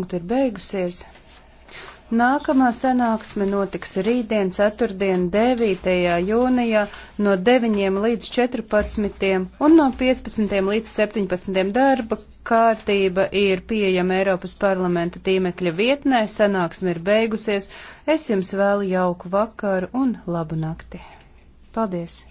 punktu ir beigusies. Nākamā sanāksme notiks rītdien, ceturtdien, 9. jūnijā no 9 līdz 14 un no 15 līdz 17 darba kārtība ir pieejama Eiropas parlamenta tīmekļa vietnē, sanāksme ir beigusies. Es jums vēlu jauku vakaru un labu nakti. Paldies!